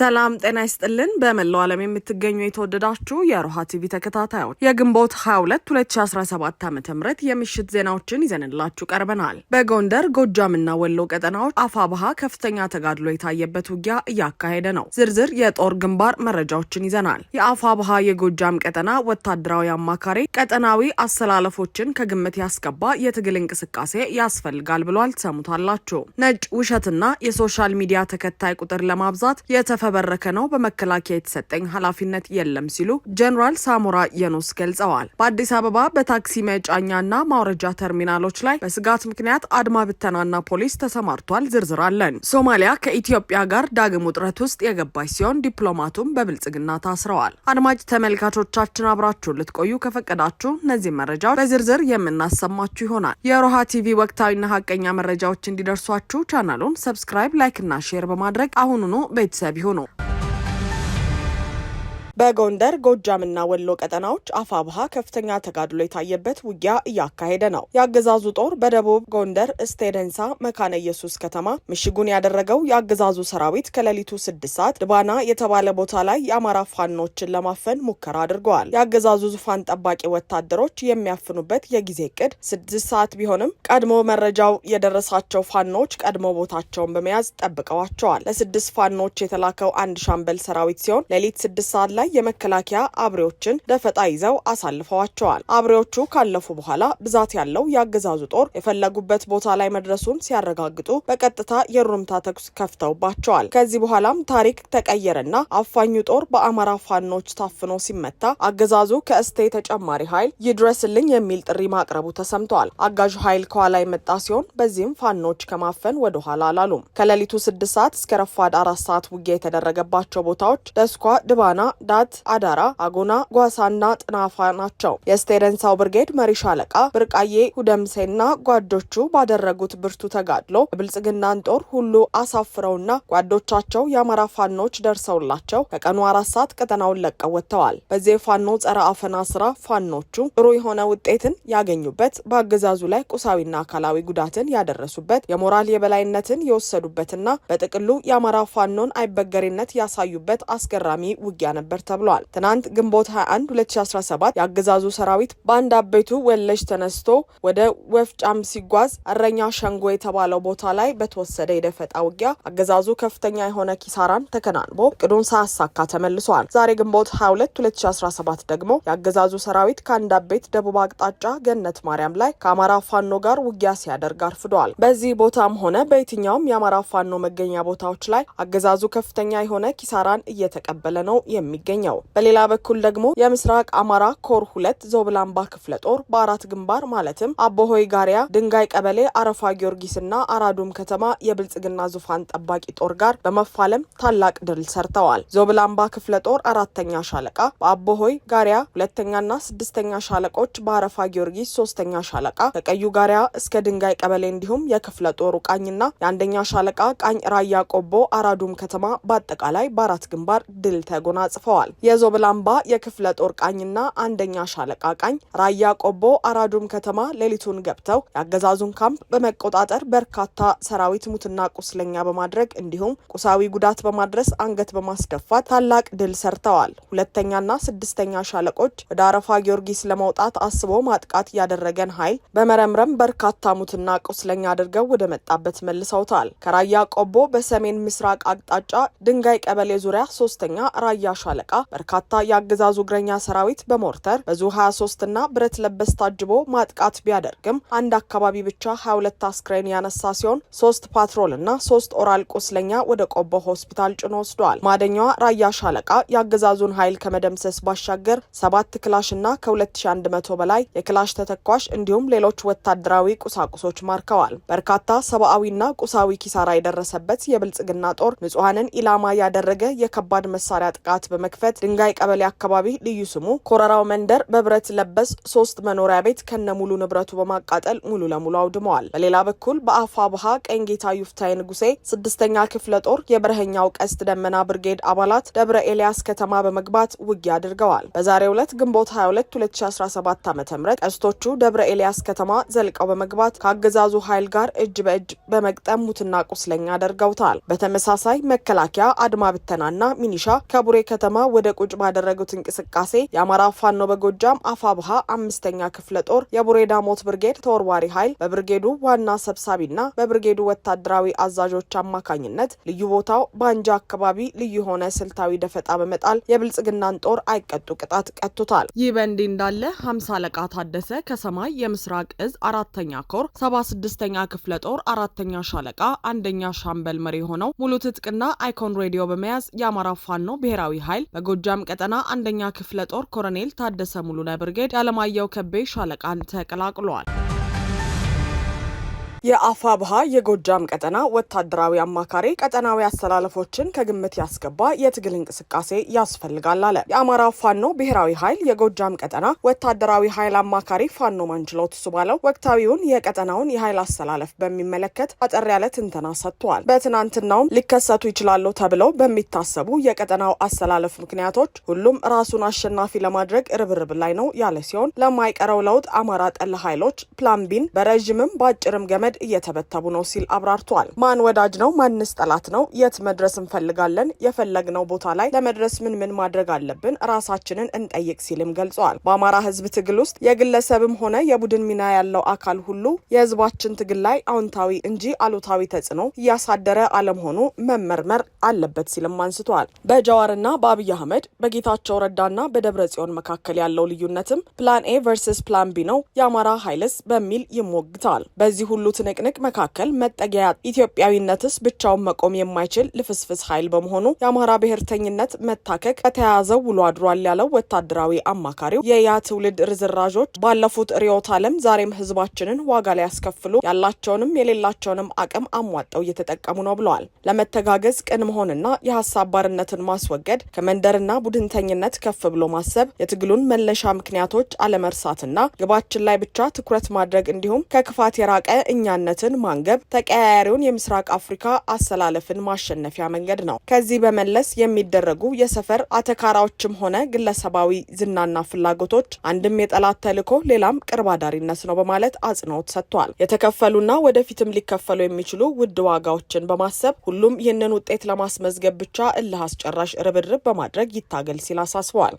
ሰላም ጤና ይስጥልን። በመላው ዓለም የምትገኙ የተወደዳችሁ የሮሃ ቲቪ ተከታታዮች የግንቦት 22 2017 ዓ ም የምሽት ዜናዎችን ይዘንላችሁ ቀርበናል። በጎንደር ጎጃምና ወሎ ቀጠናዎች አፋብሃ ከፍተኛ ተጋድሎ የታየበት ውጊያ እያካሄደ ነው። ዝርዝር የጦር ግንባር መረጃዎችን ይዘናል። የአፋብሃ የጎጃም ቀጠና ወታደራዊ አማካሪ ቀጠናዊ አሰላለፎችን ከግምት ያስገባ የትግል እንቅስቃሴ ያስፈልጋል ብሏል። ትሰሙታላችሁ። ነጭ ውሸትና የሶሻል ሚዲያ ተከታይ ቁጥር ለማብዛት የተፈ የተበረከ ነው። በመከላከያ የተሰጠኝ ኃላፊነት የለም ሲሉ ጀኔራል ሳሞራ የኑስ ገልጸዋል። በአዲስ አበባ በታክሲ መጫኛና ማውረጃ ተርሚናሎች ላይ በስጋት ምክንያት አድማ ብተናና ፖሊስ ተሰማርቷል። ዝርዝር አለን። ሶማሊያ ከኢትዮጵያ ጋር ዳግም ውጥረት ውስጥ የገባች ሲሆን ዲፕሎማቱም በብልጽግና ታስረዋል። አድማጭ ተመልካቾቻችን አብራችሁን ልትቆዩ ከፈቀዳችሁ እነዚህ መረጃዎች በዝርዝር የምናሰማችሁ ይሆናል። የሮሃ ቲቪ ወቅታዊና ሀቀኛ መረጃዎች እንዲደርሷችሁ ቻናሉን ሰብስክራይብ፣ ላይክና ሼር በማድረግ አሁኑኑ ቤተሰብ ይሁኑ። பண்ணணும் በጎንደር ጎጃምና ወሎ ቀጠናዎች አፋብሃ ከፍተኛ ተጋድሎ የታየበት ውጊያ እያካሄደ ነው። የአገዛዙ ጦር በደቡብ ጎንደር ስቴደንሳ መካነ ኢየሱስ ከተማ ምሽጉን ያደረገው የአገዛዙ ሰራዊት ከሌሊቱ ስድስት ሰዓት ድባና የተባለ ቦታ ላይ የአማራ ፋኖችን ለማፈን ሙከራ አድርገዋል። የአገዛዙ ዙፋን ጠባቂ ወታደሮች የሚያፍኑበት የጊዜ እቅድ ስድስት ሰዓት ቢሆንም ቀድሞ መረጃው የደረሳቸው ፋኖች ቀድሞ ቦታቸውን በመያዝ ጠብቀዋቸዋል። ለስድስት ፋኖች የተላከው አንድ ሻምበል ሰራዊት ሲሆን ሌሊት ስድስት ሰዓት ላይ የመከላከያ አብሬዎችን ደፈጣ ይዘው አሳልፈዋቸዋል። አብሬዎቹ ካለፉ በኋላ ብዛት ያለው የአገዛዙ ጦር የፈለጉበት ቦታ ላይ መድረሱን ሲያረጋግጡ በቀጥታ የሩምታ ተኩስ ከፍተውባቸዋል። ከዚህ በኋላም ታሪክ ተቀየረና አፋኙ ጦር በአማራ ፋኖች ታፍኖ ሲመታ አገዛዙ ከእስቴ ተጨማሪ ኃይል ይድረስልኝ የሚል ጥሪ ማቅረቡ ተሰምተዋል። አጋዡ ኃይል ከኋላ የመጣ ሲሆን በዚህም ፋኖች ከማፈን ወደ ኋላ አላሉም። ከሌሊቱ ስድስት ሰዓት እስከ ረፋድ አራት ሰዓት ውጊያ የተደረገባቸው ቦታዎች ደስኳ፣ ድባና ዳ ካህናት አዳራ፣ አጎና፣ ጓሳና ጥናፋ ናቸው። የስቴደንሳው ብርጌድ መሪ ሻለቃ ብርቃዬ ሁደምሴና ጓዶቹ ባደረጉት ብርቱ ተጋድሎ የብልጽግናን ጦር ሁሉ አሳፍረውና ጓዶቻቸው የአማራ ፋኖች ደርሰውላቸው ከቀኑ አራት ሰዓት ቀጠናውን ለቀው ወጥተዋል። በዚህ የፋኖ ጸረ አፈና ስራ ፋኖቹ ጥሩ የሆነ ውጤትን ያገኙበት፣ በአገዛዙ ላይ ቁሳዊና አካላዊ ጉዳትን ያደረሱበት፣ የሞራል የበላይነትን የወሰዱበትና በጥቅሉ የአማራ ፋኖን አይበገሬነት ያሳዩበት አስገራሚ ውጊያ ነበር ነበር ተብሏል። ትናንት ግንቦት 21 2017 የአገዛዙ ሰራዊት በአንድ አቤቱ ወለሽ ተነስቶ ወደ ወፍጫም ሲጓዝ እረኛ ሸንጎ የተባለው ቦታ ላይ በተወሰደ የደፈጣ ውጊያ አገዛዙ ከፍተኛ የሆነ ኪሳራን ተከናንቦ እቅዱን ሳያሳካ ተመልሷል። ዛሬ ግንቦት 22 2017 ደግሞ የአገዛዙ ሰራዊት ከአንድ አቤት ደቡብ አቅጣጫ ገነት ማርያም ላይ ከአማራ ፋኖ ጋር ውጊያ ሲያደርግ አርፍዷል። በዚህ ቦታም ሆነ በየትኛውም የአማራ ፋኖ መገኛ ቦታዎች ላይ አገዛዙ ከፍተኛ የሆነ ኪሳራን እየተቀበለ ነው የሚገ የሚገኘው። በሌላ በኩል ደግሞ የምስራቅ አማራ ኮር ሁለት ዞብላምባ ክፍለ ጦር በአራት ግንባር ማለትም አቦሆይ ጋሪያ፣ ድንጋይ ቀበሌ፣ አረፋ ጊዮርጊስና አራዱም ከተማ የብልጽግና ዙፋን ጠባቂ ጦር ጋር በመፋለም ታላቅ ድል ሰርተዋል። ዞብላምባ ክፍለ ጦር አራተኛ ሻለቃ በአቦሆይ ጋሪያ ሁለተኛና ስድስተኛ ሻለቆች በአረፋ ጊዮርጊስ ሶስተኛ ሻለቃ ከቀዩ ጋሪያ እስከ ድንጋይ ቀበሌ እንዲሁም የክፍለ ጦሩ ቃኝና የአንደኛ ሻለቃ ቃኝ ራያ ቆቦ አራዱም ከተማ በአጠቃላይ በአራት ግንባር ድል ተጎናጽፈዋል። ገልጸዋል። የዞብላምባ የክፍለ ጦር ቃኝና አንደኛ ሻለቃ ቃኝ ራያ ቆቦ አራዱም ከተማ ሌሊቱን ገብተው የአገዛዙን ካምፕ በመቆጣጠር በርካታ ሰራዊት ሙትና ቁስለኛ በማድረግ እንዲሁም ቁሳዊ ጉዳት በማድረስ አንገት በማስደፋት ታላቅ ድል ሰርተዋል። ሁለተኛና ስድስተኛ ሻለቆች ወደ አረፋ ጊዮርጊስ ለመውጣት አስቦ ማጥቃት ያደረገን ኃይል በመረምረም በርካታ ሙትና ቁስለኛ አድርገው ወደ መጣበት መልሰውታል። ከራያ ቆቦ በሰሜን ምስራቅ አቅጣጫ ድንጋይ ቀበሌ ዙሪያ ሶስተኛ ራያ ሻለቃ ሻለቃ በርካታ የአገዛዙ እግረኛ ሰራዊት በሞርተር በዙ 23 እና ብረት ለበስ ታጅቦ ማጥቃት ቢያደርግም አንድ አካባቢ ብቻ 22 አስክሬን ያነሳ ሲሆን ሶስት ፓትሮል እና ሶስት ኦራል ቁስለኛ ወደ ቆቦ ሆስፒታል ጭኖ ወስደዋል። ማደኛዋ ራያ ሻለቃ የአገዛዙን ኃይል ከመደምሰስ ባሻገር ሰባት ክላሽ እና ከ2100 በላይ የክላሽ ተተኳሽ እንዲሁም ሌሎች ወታደራዊ ቁሳቁሶች ማርከዋል። በርካታ ሰብአዊና ቁሳዊ ኪሳራ የደረሰበት የብልጽግና ጦር ንጹሐንን ኢላማ ያደረገ የከባድ መሳሪያ ጥቃት በመክፈል ለመክፈት ድንጋይ ቀበሌ አካባቢ ልዩ ስሙ ኮረራው መንደር በብረት ለበስ ሶስት መኖሪያ ቤት ከነ ሙሉ ንብረቱ በማቃጠል ሙሉ ለሙሉ አውድመዋል። በሌላ በኩል በአፋ ብሃ ቀኝጌታ ዩፍታይ ንጉሴ ስድስተኛ ክፍለ ጦር የበረኸኛው ቀስት ደመና ብርጌድ አባላት ደብረ ኤልያስ ከተማ በመግባት ውጊያ አድርገዋል። በዛሬው ዕለት ግንቦት 22 2017 ዓ ም ቀስቶቹ ደብረ ኤልያስ ከተማ ዘልቀው በመግባት ከአገዛዙ ኃይል ጋር እጅ በእጅ በመግጠም ሙትና ቁስለኛ አደርገውታል። በተመሳሳይ መከላከያ አድማ ብተናና ሚኒሻ ከቡሬ ከተማ ወደ ቁጭ ባደረጉት እንቅስቃሴ የአማራ ፋኖ በጎጃም አፋብሃ አምስተኛ ክፍለ ጦር የቡሬዳ ሞት ብርጌድ ተወርዋሪ ኃይል በብርጌዱ ዋና ሰብሳቢና በብርጌዱ ወታደራዊ አዛዦች አማካኝነት ልዩ ቦታው በአንጃ አካባቢ ልዩ የሆነ ስልታዊ ደፈጣ በመጣል የብልጽግናን ጦር አይቀጡ ቅጣት ቀጡታል። ይህ በእንዲህ እንዳለ ሀምሳ አለቃ ታደሰ ከሰማይ የምስራቅ እዝ አራተኛ ኮር ሰባ ስድስተኛ ክፍለ ጦር አራተኛ ሻለቃ አንደኛ ሻምበል መሪ የሆነው ሙሉ ትጥቅና አይኮን ሬዲዮ በመያዝ የአማራ ፋኖ ብሔራዊ ኃይል በጎጃም ቀጠና አንደኛ ክፍለ ጦር ኮሎኔል ታደሰ ሙሉነህ ብርጌድ የአለማየሁ ከቤ ሻለቃን ተቀላቅሏል። የአፋብሃ የጎጃም ቀጠና ወታደራዊ አማካሪ ቀጠናዊ አስተላለፎችን ከግምት ያስገባ የትግል እንቅስቃሴ ያስፈልጋል አለ። የአማራ ፋኖ ብሔራዊ ኃይል የጎጃም ቀጠና ወታደራዊ ኃይል አማካሪ ፋኖ ማንችሎት እሱ ባለው ወቅታዊውን የቀጠናውን የኃይል አስተላለፍ በሚመለከት አጠር ያለ ትንተና ሰጥቷል። በትናንትናውም ሊከሰቱ ይችላሉ ተብለው በሚታሰቡ የቀጠናው አስተላለፍ ምክንያቶች ሁሉም ራሱን አሸናፊ ለማድረግ ርብርብ ላይ ነው ያለ ሲሆን ለማይቀረው ለውጥ አማራ ጠል ኃይሎች ፕላምቢን በረዥምም በአጭርም ገመድ አህመድ እየተበተቡ ነው ሲል አብራርቷል። ማን ወዳጅ ነው? ማንስ ጠላት ነው? የት መድረስ እንፈልጋለን? የፈለግነው ቦታ ላይ ለመድረስ ምን ምን ማድረግ አለብን? ራሳችንን እንጠይቅ ሲልም ገልጿል። በአማራ ህዝብ ትግል ውስጥ የግለሰብም ሆነ የቡድን ሚና ያለው አካል ሁሉ የህዝባችን ትግል ላይ አዎንታዊ እንጂ አሉታዊ ተጽዕኖ እያሳደረ አለመሆኑ መመርመር አለበት ሲልም አንስቷል። በጀዋርና በአብይ አህመድ በጌታቸው ረዳና በደብረ ጽዮን መካከል ያለው ልዩነትም ፕላን ኤ ቨርስስ ፕላን ቢ ነው የአማራ ኃይልስ በሚል ይሞግታል። በዚህ ሁሉ ትንቅንቅ መካከል መጠጊያ ኢትዮጵያዊነትስ ብቻውን መቆም የማይችል ልፍስፍስ ኃይል በመሆኑ የአማራ ብሔርተኝነት መታከክ ከተያያዘው ውሎ አድሯል ያለው ወታደራዊ አማካሪው የያ ትውልድ ርዝራዦች ባለፉት ርዕዮተ ዓለም ዛሬም ህዝባችንን ዋጋ ላይ ያስከፍሉ ያላቸውንም የሌላቸውንም አቅም አሟጠው እየተጠቀሙ ነው ብለዋል። ለመተጋገዝ ቅን መሆንና የሀሳብ ባርነትን ማስወገድ፣ ከመንደርና ቡድንተኝነት ከፍ ብሎ ማሰብ፣ የትግሉን መለሻ ምክንያቶች አለመርሳትና ግባችን ላይ ብቻ ትኩረት ማድረግ እንዲሁም ከክፋት የራቀ እኛ ቁርጠኛነትን ማንገብ ተቀያያሪውን የምስራቅ አፍሪካ አሰላለፍን ማሸነፊያ መንገድ ነው። ከዚህ በመለስ የሚደረጉ የሰፈር አተካራዎችም ሆነ ግለሰባዊ ዝናና ፍላጎቶች አንድም የጠላት ተልዕኮ፣ ሌላም ቅርብ አዳሪነት ነው በማለት አጽንኦት ሰጥቷል። የተከፈሉና ወደፊትም ሊከፈሉ የሚችሉ ውድ ዋጋዎችን በማሰብ ሁሉም ይህንን ውጤት ለማስመዝገብ ብቻ እልህ አስጨራሽ ርብርብ በማድረግ ይታገል ሲል አሳስበዋል።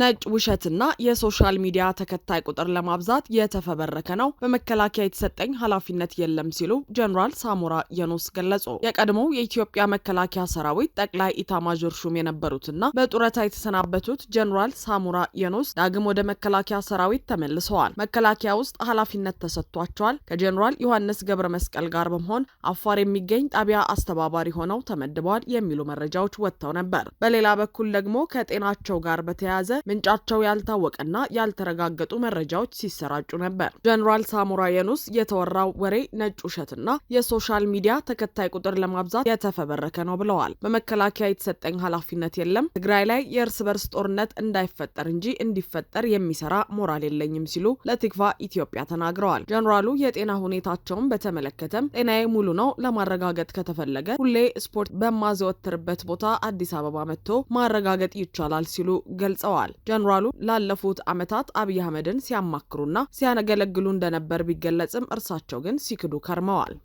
ነጭ ውሸትና የሶሻል ሚዲያ ተከታይ ቁጥር ለማብዛት የተፈበረከ ነው። በመከላከያ የተሰጠኝ ኃላፊነት የለም ሲሉ ጀኔራል ሳሞራ የኖስ ገለጹ። የቀድሞው የኢትዮጵያ መከላከያ ሰራዊት ጠቅላይ ኢታማዦር ሹም የነበሩትና በጡረታ የተሰናበቱት ጀኔራል ሳሞራ የኖስ ዳግም ወደ መከላከያ ሰራዊት ተመልሰዋል። መከላከያ ውስጥ ኃላፊነት ተሰጥቷቸዋል። ከጀኔራል ዮሐንስ ገብረ መስቀል ጋር በመሆን አፋር የሚገኝ ጣቢያ አስተባባሪ ሆነው ተመድበዋል የሚሉ መረጃዎች ወጥተው ነበር። በሌላ በኩል ደግሞ ከጤናቸው ጋር በተያያዘ ምንጫቸው ያልታወቀና ያልተረጋገጡ መረጃዎች ሲሰራጩ ነበር። ጀኔራል ሳሞራ የኑስ የተወራው ወሬ ነጭ ውሸትና የሶሻል ሚዲያ ተከታይ ቁጥር ለማብዛት የተፈበረከ ነው ብለዋል። በመከላከያ የተሰጠኝ ኃላፊነት የለም፣ ትግራይ ላይ የእርስ በርስ ጦርነት እንዳይፈጠር እንጂ እንዲፈጠር የሚሰራ ሞራል የለኝም ሲሉ ለቲክቫ ኢትዮጵያ ተናግረዋል። ጀኔራሉ የጤና ሁኔታቸውን በተመለከተም ጤናዬ ሙሉ ነው ለማረጋገጥ ከተፈለገ ሁሌ ስፖርት በማዘወትርበት ቦታ አዲስ አበባ መጥቶ ማረጋገጥ ይቻላል ሲሉ ገልጸዋል። ጀኔራሉ ላለፉት ዓመታት አብይ አህመድን ሲያማክሩና ሲያገለግሉ እንደነበር ቢገለጽም እርሳቸው ግን ሲክዱ ከርመዋል።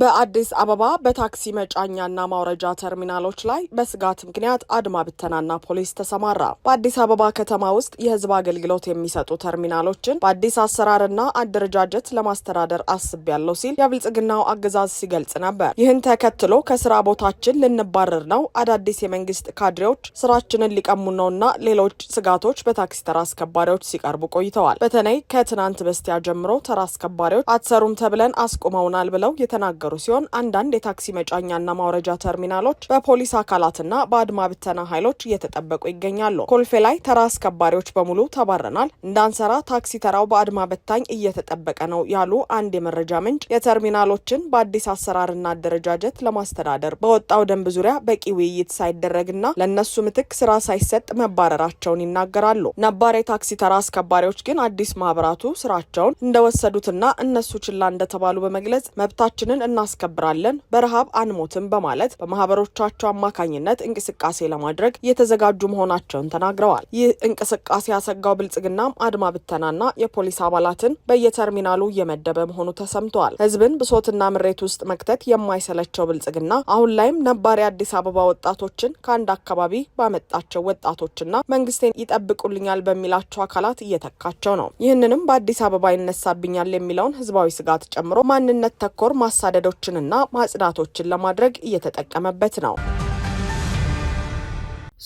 በአዲስ አበባ በታክሲ መጫኛና ማውረጃ ተርሚናሎች ላይ በስጋት ምክንያት አድማ ብተናና ፖሊስ ተሰማራ። በአዲስ አበባ ከተማ ውስጥ የህዝብ አገልግሎት የሚሰጡ ተርሚናሎችን በአዲስ አሰራርና አደረጃጀት ለማስተዳደር አስብ ያለው ሲል የብልጽግናው አገዛዝ ሲገልጽ ነበር። ይህን ተከትሎ ከስራ ቦታችን ልንባረር ነው፣ አዳዲስ የመንግስት ካድሬዎች ስራችንን ሊቀሙ ነውና ሌሎች ስጋቶች በታክሲ ተራ አስከባሪዎች ሲቀርቡ ቆይተዋል። በተለይ ከትናንት በስቲያ ጀምሮ ተራ አስከባሪዎች አትሰሩም ተብለን አስቁመውናል ብለው የተናገሩ የተናገሩ ሲሆን አንዳንድ የታክሲ መጫኛና ማውረጃ ተርሚናሎች በፖሊስ አካላትና በአድማ ብተና ኃይሎች እየተጠበቁ ይገኛሉ። ኮልፌ ላይ ተራ አስከባሪዎች በሙሉ ተባረናል፣ እንዳንሰራ ታክሲ ተራው በአድማ በታኝ እየተጠበቀ ነው ያሉ አንድ የመረጃ ምንጭ የተርሚናሎችን በአዲስ አሰራርና አደረጃጀት ለማስተዳደር በወጣው ደንብ ዙሪያ በቂ ውይይት ሳይደረግና ለእነሱ ምትክ ስራ ሳይሰጥ መባረራቸውን ይናገራሉ። ነባር የታክሲ ተራ አስከባሪዎች ግን አዲስ ማህበራቱ ስራቸውን እንደወሰዱትና እነሱ ችላ እንደተባሉ በመግለጽ መብታችንን እናስከብራለን፣ በረሃብ አንሞትም በማለት በማህበሮቻቸው አማካኝነት እንቅስቃሴ ለማድረግ የተዘጋጁ መሆናቸውን ተናግረዋል። ይህ እንቅስቃሴ ያሰጋው ብልጽግናም አድማ ብተናና የፖሊስ አባላትን በየተርሚናሉ እየመደበ መሆኑ ተሰምተዋል። ህዝብን ብሶትና ምሬት ውስጥ መክተት የማይሰለቸው ብልጽግና አሁን ላይም ነባሪ አዲስ አበባ ወጣቶችን ከአንድ አካባቢ ባመጣቸው ወጣቶችና መንግስቴን ይጠብቁልኛል በሚላቸው አካላት እየተካቸው ነው። ይህንንም በአዲስ አበባ ይነሳብኛል የሚለውን ህዝባዊ ስጋት ጨምሮ ማንነት ተኮር ማሳደድ መውረዶችንና ማጽዳቶችን ለማድረግ እየተጠቀመበት ነው።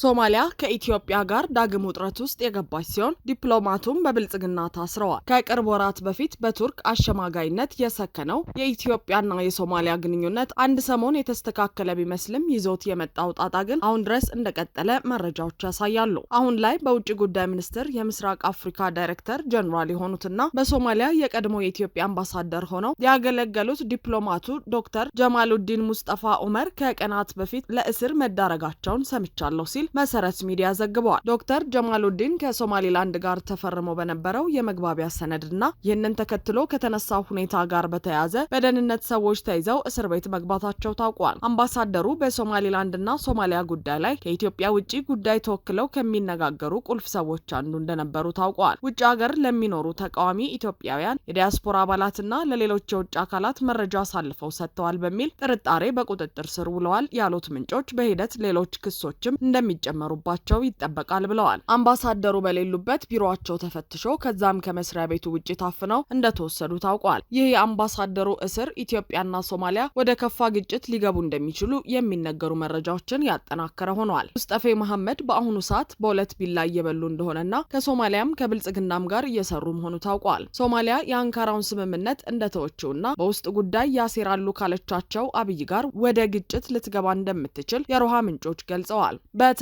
ሶማሊያ ከኢትዮጵያ ጋር ዳግም ውጥረት ውስጥ የገባች ሲሆን ዲፕሎማቱም በብልጽግና ታስረዋል። ከቅርብ ወራት በፊት በቱርክ አሸማጋይነት የሰከነው የኢትዮጵያና የሶማሊያ ግንኙነት አንድ ሰሞን የተስተካከለ ቢመስልም ይዞት የመጣው ጣጣ ግን አሁን ድረስ እንደቀጠለ መረጃዎች ያሳያሉ። አሁን ላይ በውጭ ጉዳይ ሚኒስቴር የምስራቅ አፍሪካ ዳይሬክተር ጀኔራል የሆኑትና በሶማሊያ የቀድሞ የኢትዮጵያ አምባሳደር ሆነው ያገለገሉት ዲፕሎማቱ ዶክተር ጀማሉዲን ሙስጠፋ ኡመር ከቀናት በፊት ለእስር መዳረጋቸውን ሰምቻለሁ ሲል ሲል መሰረት ሚዲያ ዘግበዋል። ዶክተር ጀማሉዲን ከሶማሌላንድ ጋር ተፈርሞ በነበረው የመግባቢያ ሰነድና ይህንን ተከትሎ ከተነሳው ሁኔታ ጋር በተያያዘ በደህንነት ሰዎች ተይዘው እስር ቤት መግባታቸው ታውቋል። አምባሳደሩ በሶማሌላንድና ሶማሊያ ጉዳይ ላይ ከኢትዮጵያ ውጭ ጉዳይ ተወክለው ከሚነጋገሩ ቁልፍ ሰዎች አንዱ እንደነበሩ ታውቋል። ውጭ ሀገር ለሚኖሩ ተቃዋሚ ኢትዮጵያውያን የዲያስፖራ አባላትና ለሌሎች የውጭ አካላት መረጃ አሳልፈው ሰጥተዋል በሚል ጥርጣሬ በቁጥጥር ስር ውለዋል ያሉት ምንጮች በሂደት ሌሎች ክሶችም እንደሚ እንደሚጨመሩባቸው ይጠበቃል ብለዋል። አምባሳደሩ በሌሉበት ቢሮቸው ተፈትሾ ከዛም ከመስሪያ ቤቱ ውጭ ታፍነው እንደተወሰዱ ታውቋል። ይህ የአምባሳደሩ እስር ኢትዮጵያና ሶማሊያ ወደ ከፋ ግጭት ሊገቡ እንደሚችሉ የሚነገሩ መረጃዎችን ያጠናከረ ሆኗል። ሙስጠፌ መሐመድ በአሁኑ ሰዓት በሁለት ቢላ እየበሉ እንደሆነና ከሶማሊያም ከብልጽግናም ጋር እየሰሩ መሆኑ ታውቋል። ሶማሊያ የአንካራውን ስምምነት እንደተወችውና በውስጥ ጉዳይ ያሴራሉ ካለቻቸው አብይ ጋር ወደ ግጭት ልትገባ እንደምትችል የሮሃ ምንጮች ገልጸዋል።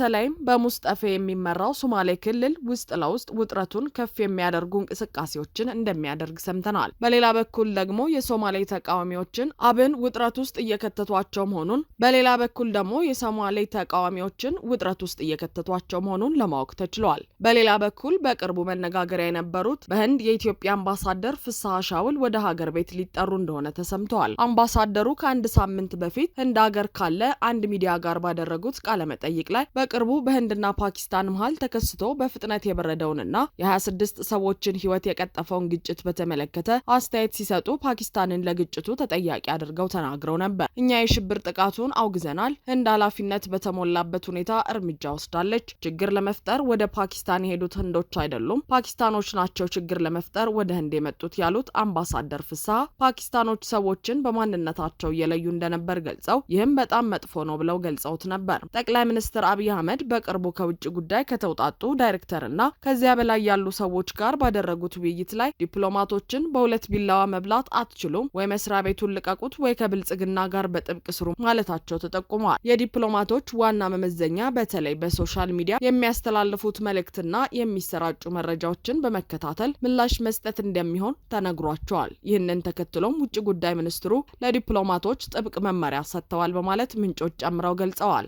በተለይም በሙስጠፌ የሚመራው ሶማሌ ክልል ውስጥ ለውስጥ ውጥረቱን ከፍ የሚያደርጉ እንቅስቃሴዎችን እንደሚያደርግ ሰምተናል። በሌላ በኩል ደግሞ የሶማሌ ተቃዋሚዎችን አብን ውጥረት ውስጥ እየከተቷቸው መሆኑን፣ በሌላ በኩል ደግሞ የሶማሌ ተቃዋሚዎችን ውጥረት ውስጥ እየከተቷቸው መሆኑን ለማወቅ ተችሏል። በሌላ በኩል በቅርቡ መነጋገሪያ የነበሩት በህንድ የኢትዮጵያ አምባሳደር ፍስሐ ሻውል ወደ ሀገር ቤት ሊጠሩ እንደሆነ ተሰምተዋል። አምባሳደሩ ከአንድ ሳምንት በፊት ህንድ ሀገር ካለ አንድ ሚዲያ ጋር ባደረጉት ቃለመጠይቅ ላይ በቅርቡ በህንድና ፓኪስታን መሀል ተከስቶ በፍጥነት የበረደውንና የ26 ሰዎችን ህይወት የቀጠፈውን ግጭት በተመለከተ አስተያየት ሲሰጡ ፓኪስታንን ለግጭቱ ተጠያቂ አድርገው ተናግረው ነበር። እኛ የሽብር ጥቃቱን አውግዘናል። ህንድ ኃላፊነት በተሞላበት ሁኔታ እርምጃ ወስዳለች። ችግር ለመፍጠር ወደ ፓኪስታን የሄዱት ህንዶች አይደሉም፣ ፓኪስታኖች ናቸው ችግር ለመፍጠር ወደ ህንድ የመጡት ያሉት አምባሳደር ፍስሐ ፓኪስታኖች ሰዎችን በማንነታቸው እየለዩ እንደነበር ገልጸው ይህም በጣም መጥፎ ነው ብለው ገልጸውት ነበር። ጠቅላይ ሚኒስትር አብይ አህመድ በቅርቡ ከውጭ ጉዳይ ከተውጣጡ ዳይሬክተርና ከዚያ በላይ ያሉ ሰዎች ጋር ባደረጉት ውይይት ላይ ዲፕሎማቶችን በሁለት ቢላዋ መብላት አትችሉም፣ ወይ መስሪያ ቤቱን ልቀቁት፣ ወይ ከብልጽግና ጋር በጥብቅ ስሩ ማለታቸው ተጠቁመዋል። የዲፕሎማቶች ዋና መመዘኛ በተለይ በሶሻል ሚዲያ የሚያስተላልፉት መልእክትና የሚሰራጩ መረጃዎችን በመከታተል ምላሽ መስጠት እንደሚሆን ተነግሯቸዋል። ይህንን ተከትሎም ውጭ ጉዳይ ሚኒስትሩ ለዲፕሎማቶች ጥብቅ መመሪያ ሰጥተዋል በማለት ምንጮች ጨምረው ገልጸዋል።